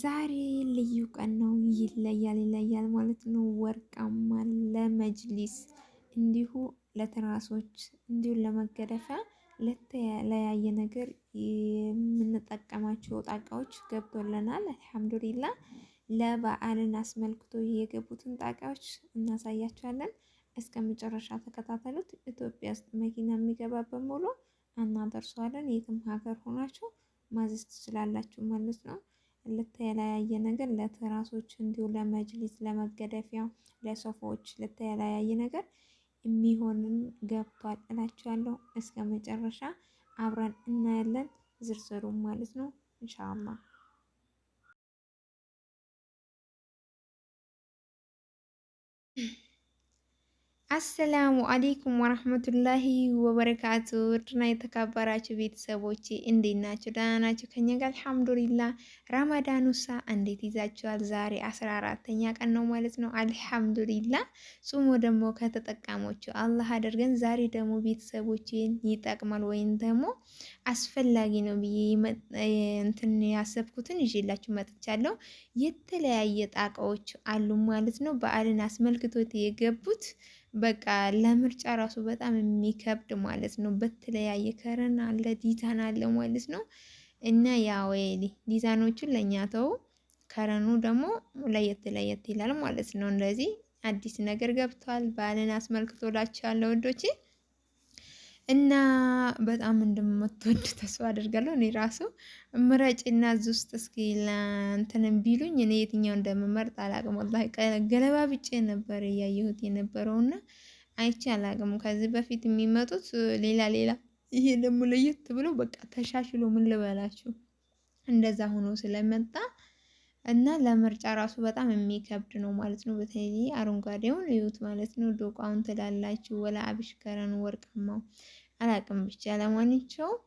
ዛሬ ልዩ ቀን ነው። ይለያል ይለያል ማለት ነው። ወርቃማ ለመጅሊስ እንዲሁ ለትራሶች እንዲሁ ለመገደፊያ ለተለያየ ነገር የምንጠቀማቸው ጣቃዎች ገብቶልናል። አልሐምዱሊላ ለበዓልን አስመልክቶ የገቡትን ጣቃዎች እናሳያቸዋለን። እስከ መጨረሻ ተከታተሉት። ኢትዮጵያ ውስጥ መኪና የሚገባ በሙሉ እናደርሰዋለን። የትም ሀገር ሆናችሁ ማዘዝ ትችላላችሁ ማለት ነው። ለተለያየ ነገር ለትራሶች፣ እንዲሁ ለመጅሊስ፣ ለመገደፊያ፣ ለሶፋዎች ለተለያየ ነገር የሚሆንን ገብቷል እላችኋለሁ። እስከ መጨረሻ አብረን እናያለን ዝርዝሩ ማለት ነው ኢንሻአላህ አሰላሙ አሌይኩም ወረህመቱላሂ ወበረካቱ ውድና የተከበራችሁ ቤተሰቦቼ እንዴት ናቸው? ደህና ናቸው? ከኛ ጋር አልሐምዱሊላ። ረመዳን ውሳ እንዴት ይዛችኋል? ዛሬ አስራ አራተኛ ቀን ነው ማለት ነው። አልሐምዱሊላ ጹሙ ደግሞ ከተጠቃሞቹ አላህ አድርገን። ዛሬ ደግሞ ቤተሰቦችን ይጠቅማል ወይም ደግሞ አስፈላጊ ነው ብዬ እንትን ያሰብኩትን ይዤላችሁ መጥቻለሁ። የተለያየ ጣቃዎች አሉ ማለት ነው። በዓልን አስመልክቶት የገቡት በቃ ለምርጫ ራሱ በጣም የሚከብድ ማለት ነው። በተለያየ ከረን አለ ዲዛን አለ ማለት ነው። እና ያው ዲዛኖቹን ለእኛ ተው፣ ከረኑ ደግሞ ለየት ለየት ይላል ማለት ነው። እንደዚህ አዲስ ነገር ገብቷል። በዓልን ያለ ወዶቼ። እና በጣም እንደምትወድ ተስፋ አድርጋለሁ። እኔ ራሱ ምረጭ እና እዚህ ውስጥ እስኪ ለእንትንም ቢሉኝ እኔ የትኛው እንደምመርጥ አላቅም። ወላሂ ገለባ ብጭ ነበር እያየሁት የነበረው የነበረውና አይቼ አላቅም። ከዚህ በፊት የሚመጡት ሌላ ሌላ፣ ይሄ ደግሞ ለየት ብሎ በቃ ተሻሽሎ ምን ልበላችሁ እንደዛ ሆኖ ስለመጣ እና ለምርጫ ራሱ በጣም የሚከብድ ነው ማለት ነው። በተለይ አረንጓዴውን እዩት ማለት ነው። ዶቃውን ትላላችሁ ወላ አብሽከረን ከረን ወርቅማው አላቅም ብቻ ለማንኛውም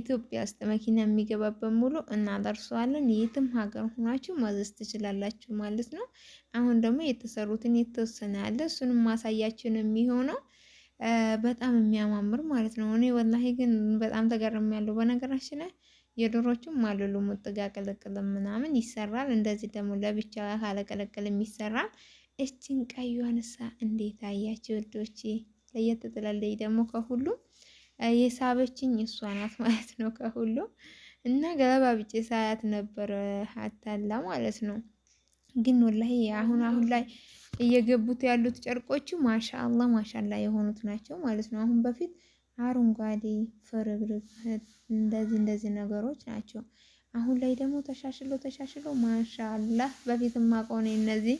ኢትዮጵያ ውስጥ መኪና የሚገባበት ሙሉ እናደርሰዋለን። የትም ሀገር ሆናችሁ ማዘዝ ትችላላችሁ ማለት ነው። አሁን ደግሞ የተሰሩትን የተወሰነ ያለ እሱንም ማሳያችን የሚሆነው በጣም የሚያማምር ማለት ነው። እኔ ወላሂ ግን በጣም ተገርም ያለው በነገራችን ላይ የዶሮቹም አልሉ ሙጥጋ ቅልቅልም ምናምን ይሰራል። እንደዚህ ደግሞ ለብቻ ካለ ካለቀለቅልም ይሰራል። እችን ቀዩንሳ እንዴት አያችሁ ወዶች ለየት ትላለች ደግሞ ከሁሉም የሳበችኝ እሷ ናት ማለት ነው ከሁሉ እና ገለባ ብጭ ሳያት ነበር አታላ ማለት ነው። ግን ወላሂ አሁን አሁን ላይ እየገቡት ያሉት ጨርቆቹ ማሻአላ ማሻላ የሆኑት ናቸው ማለት ነው። አሁን በፊት አረንጓዴ ፍርብርብ እንደዚህ እንደዚህ ነገሮች ናቸው። አሁን ላይ ደግሞ ተሻሽሎ ተሻሽሎ ማሻላ በፊት ማቀው እነዚህ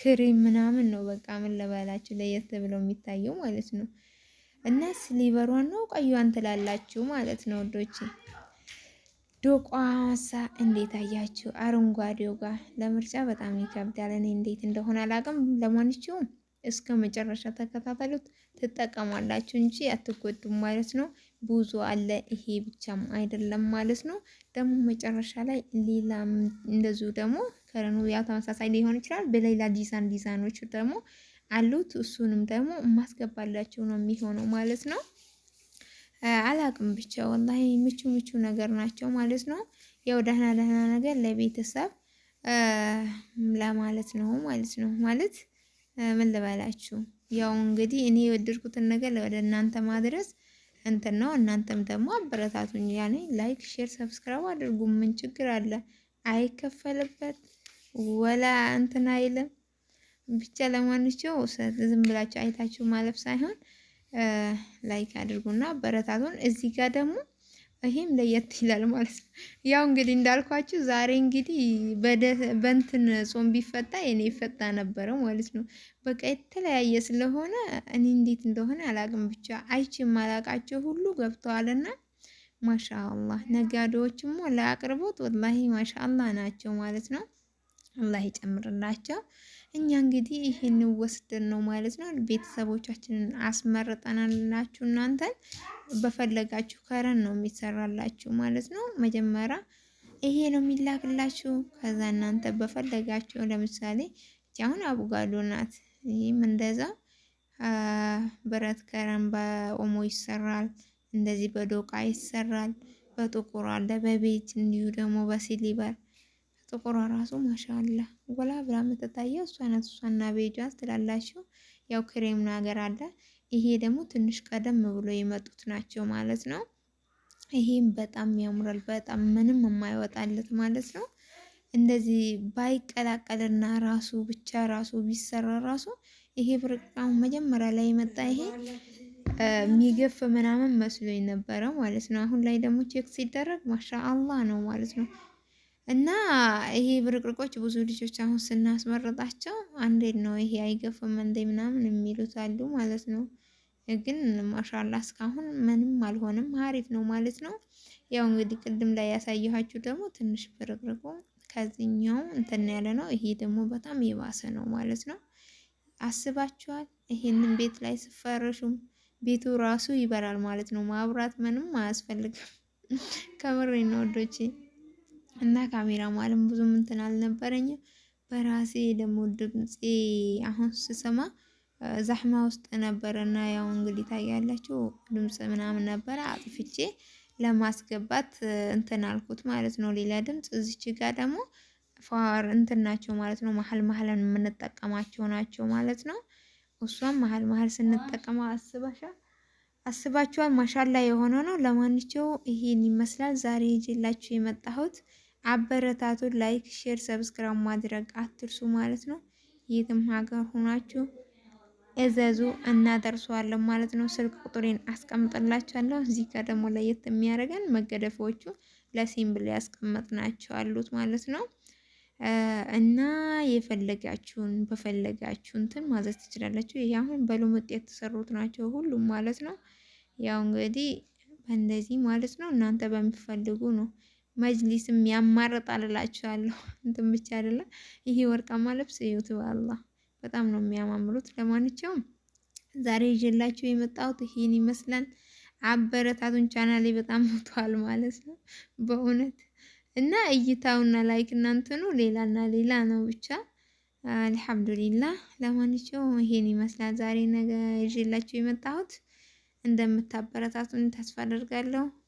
ክሬም ምናምን ነው በቃ ምን ልበላችሁ ለየት ብለው የሚታየው ማለት ነው። እና ስሊበሯን ነው ቀዩን ትላላችሁ ማለት ነው ወዶች ዶቋሳ እንዴት አያችሁ? አረንጓዴው ጋር ለምርጫ በጣም ይከብዳል። እኔ እንዴት እንደሆነ አላቅም። ለማንኛውም እስከ መጨረሻ ተከታተሉት፣ ትጠቀማላችሁ እንጂ አትጎዱም ማለት ነው። ብዙ አለ፣ ይሄ ብቻም አይደለም ማለት ነው። ደግሞ መጨረሻ ላይ ሌላ እንደዚሁ ደግሞ ከረኑ ያው ተመሳሳይ ሊሆን ይችላል። በሌላ ዲዛይን ዲዛይኖች ደግሞ አሉት። እሱንም ደግሞ ማስገባላችሁ ነው የሚሆነው ማለት ነው። አላቅም ብቻ ወላሂ ምቹ ምቹ ነገር ናቸው ማለት ነው። ያው ደህና ደህና ነገር ለቤተሰብ ለማለት ነው ማለት ነው ማለት ምን ልበላችሁ፣ ያው እንግዲህ እኔ የወደድኩትን ነገር ወደ እናንተ ማድረስ እንትን ነው። እናንተም ደግሞ አበረታቱኝ። ያኔ ላይክ፣ ሼር፣ ሰብስክራይብ አድርጉ። ምን ችግር አለ? አይከፈልበት ወላ እንትን አይልም። ብቻ ለማንኛውም ዝም ብላችሁ አይታችሁ ማለፍ ሳይሆን ላይክ አድርጉና አበረታቱን። እዚህ ጋር ደግሞ ይሄም ለየት ይላል ማለት ነው። ያው እንግዲህ እንዳልኳችሁ ዛሬ እንግዲህ በንትን ጾም ቢፈታ የኔ ይፈታ ነበረ ማለት ነው። በቃ የተለያየ ስለሆነ እኔ እንዴት እንደሆነ አላቅም፣ ብቻ አይቼ የማላቃቸው ሁሉ ገብተዋልና ማሻአላህ ነጋዴዎችም ለአቅርቦት ወላሂ ማሻአላህ ናቸው ማለት ነው። አላህ ይጨምርላቸው። እኛ እንግዲህ ይህን ወስደን ነው ማለት ነው ቤተሰቦቻችንን አስመርጠናላችሁ ናችሁ እናንተን በፈለጋችሁ ከረን ነው የሚሰራላችሁ ማለት ነው። መጀመሪያ ይሄ ነው የሚላክላችሁ። ከዛ እናንተ በፈለጋችሁ ለምሳሌ አሁን አቡጋዶ ናት። ይህም እንደዛ ብረት ከረን በኦሞ ይሰራል፣ እንደዚህ በዶቃ ይሰራል፣ በጥቁር አለ፣ በቤት እንዲሁ ደግሞ በሲሊበር ጥቁሯ ራሱ ማሻላ ጎላ ብላ የምትታየው እሷ ናት። እሷና ቤጇ ስላላቸው ያው ክሬም ነገር አለ። ይሄ ደግሞ ትንሽ ቀደም ብሎ የመጡት ናቸው ማለት ነው። ይሄም በጣም ያምራል። በጣም ምንም የማይወጣለት ማለት ነው። እንደዚህ ባይቀላቀልና ራሱ ብቻ ራሱ ቢሰራ ራሱ ይሄ ብርቃሙ መጀመሪያ ላይ የመጣ ይሄ ሚገፍ ምናምን መስሎ ነበረ ማለት ነው። አሁን ላይ ደግሞ ቼክ ሲደረግ ማሻአላ ነው ማለት ነው። እና ይሄ ብርቅርቆች ብዙ ልጆች አሁን ስናስመርጣቸው አንዴ ነው ይሄ አይገፋም እንዴ ምናምን የሚሉት አሉ ማለት ነው። ግን ማሻላ እስካሁን ምንም አልሆንም፣ አሪፍ ነው ማለት ነው። ያው እንግዲህ ቅድም ላይ ያሳየኋችሁ ደግሞ ትንሽ ብርቅርቁ ከዚህኛው እንትን ያለ ነው። ይሄ ደግሞ በጣም የባሰ ነው ማለት ነው። አስባችኋል? ይሄንን ቤት ላይ ስፈረሹም ቤቱ ራሱ ይበላል ማለት ነው። ማብራት ምንም አያስፈልግም። ከምሬ ነው ወዶቼ እና ካሜራ ማለም ብዙም እንትን አልነበረኝም። በራሴ ደግሞ ድምፄ አሁን ስሰማ ዛህማ ውስጥ ነበረ እና ያው እንግዲህ ታያላችሁ ድምፅ ምናምን ነበረ አጥፍቼ ለማስገባት እንትን አልኩት ማለት ነው። ሌላ ድምፅ እዚች ጋር ደግሞ ፋር እንትን ናቸው ማለት ነው። መሀል መሀል የምንጠቀማቸው ናቸው ማለት ነው። እሷም መሀል መሀል ስንጠቀመው አስባሻ አስባችኋል ማሻላ የሆነ ነው። ለማንቸው ይሄን ይመስላል ዛሬ ይዤላችሁ የመጣሁት። አበረታቱን። ላይክ፣ ሼር፣ ሰብስክራይብ ማድረግ አትርሱ ማለት ነው። የትም ሀገር ሆናችሁ እዘዙ እናደርሰዋለን ማለት ነው። ስልክ ቁጥሬን አስቀምጥላችኋለሁ። እዚህ ጋር ደግሞ ለየት የሚያደርገን መገደፎቹ ለሲምብል ናቸው አሉት ማለት ነው። እና የፈለጋችሁን በፈለጋችሁ እንትን ማዘዝ ትችላላችሁ። ይህ አሁን በሎም ውጤት የተሰሩት ናቸው ሁሉም ማለት ነው። ያው እንግዲህ በእንደዚህ ማለት ነው። እናንተ በሚፈልጉ ነው መጅሊስም ያማርጣል እላችኋለሁ። እንትን ብቻ አይደለ ይሄ ወርቃማ ልብስ እዩት፣ አላህ በጣም ነው የሚያማምሩት። ለማንኛውም ዛሬ ይዤላችሁ የመጣሁት ይሄን ይመስላል። አበረታቱን ቻናሌ በጣም ሞቷል ማለት ነው በእውነት እና እይታውና ላይክ እናንተኑ ሌላና ሌላ ነው ብቻ አልሐምዱሊላህ። ለማንኛውም ይሄን ይመስላል ዛሬ ነገ ይዤላችሁ የመጣሁት እንደምታበረታቱን ተስፋ አደርጋለሁ።